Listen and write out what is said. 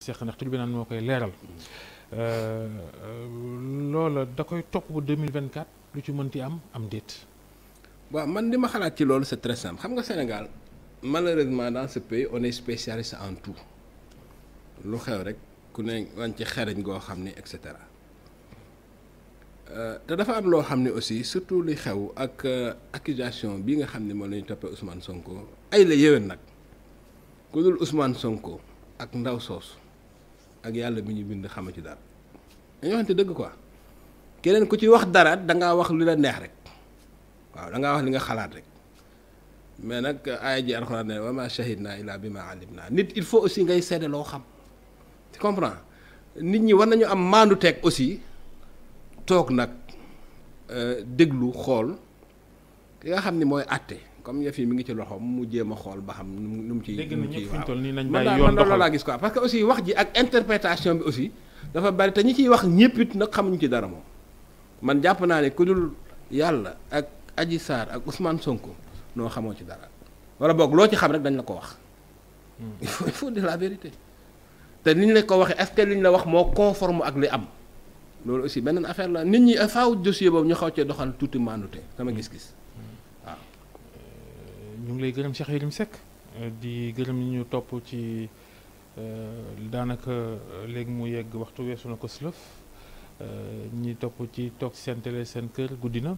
seq ndax tribunal moo koy leeral euh, euh, loola da koy topp ba 2024 lu ci mënti am am déet waaw man li ma xalaat ci loolu c'est très simple xam nga Sénégal malheureusement dans ce pays on est spécialiste en tout lu xew rek ku ne wan ci xereñ goo xam ni et cetera euh, te dafa am loo xam ne aussi surtout li xew ak accusation bi nga xam ne moom la ñu toppee Ousmane Sonko ay la yéwén nag ku dul Ousmane Sonko ak ndaw soosu ak yàlla mi ñu bind xama ci dara dañoo xamante dëgg ko keneen ku ci wax dara da ngaa wax li la neex rek waaw da ngaa wax li nga xalaat rek mais nag aaya ji alxuraan ne illa bi ma alim naa nit il faut aussi ngay seede loo xam tu comprends nit ñi war nañu am maandu teeg aussi toog nag euh, déglu xool ki nga xam ni mooy àtte comme yëf yi mi ngi ci loxoom mu jéem a xool ba xam nu mu ciy nu mu ciy waaw man daal man loolu laa gis quoi parce que aussi wax ji ak interprétation bi aussi dafa bari te ñi ciy wax ñëpp it nag xamuñu ci dara moom man jàpp naa ne ku yàlla ak Adji Sarr ak Ousmane Sonko noo xamoo ci dara wala boog loo ci xam rek dañ la ko wax hmm. il faut il la vérité te ni ñu la ko waxee est-ce que li ñu la wax moo conforme ak li am loolu aussi beneen affaire la nit ñi faaw dossier boobu ñu xaw cee doxal tuuti maandute sama hmm. gis-gis ñu ngi lay gërëm Cheikh Yérim Seck euh, di gërëm ñi ñu topp ci euh, daanaka euh, léegi mu yegg waxtu weesu na ko sëlëf ñi topp ci toog seen télé seen kër guddi na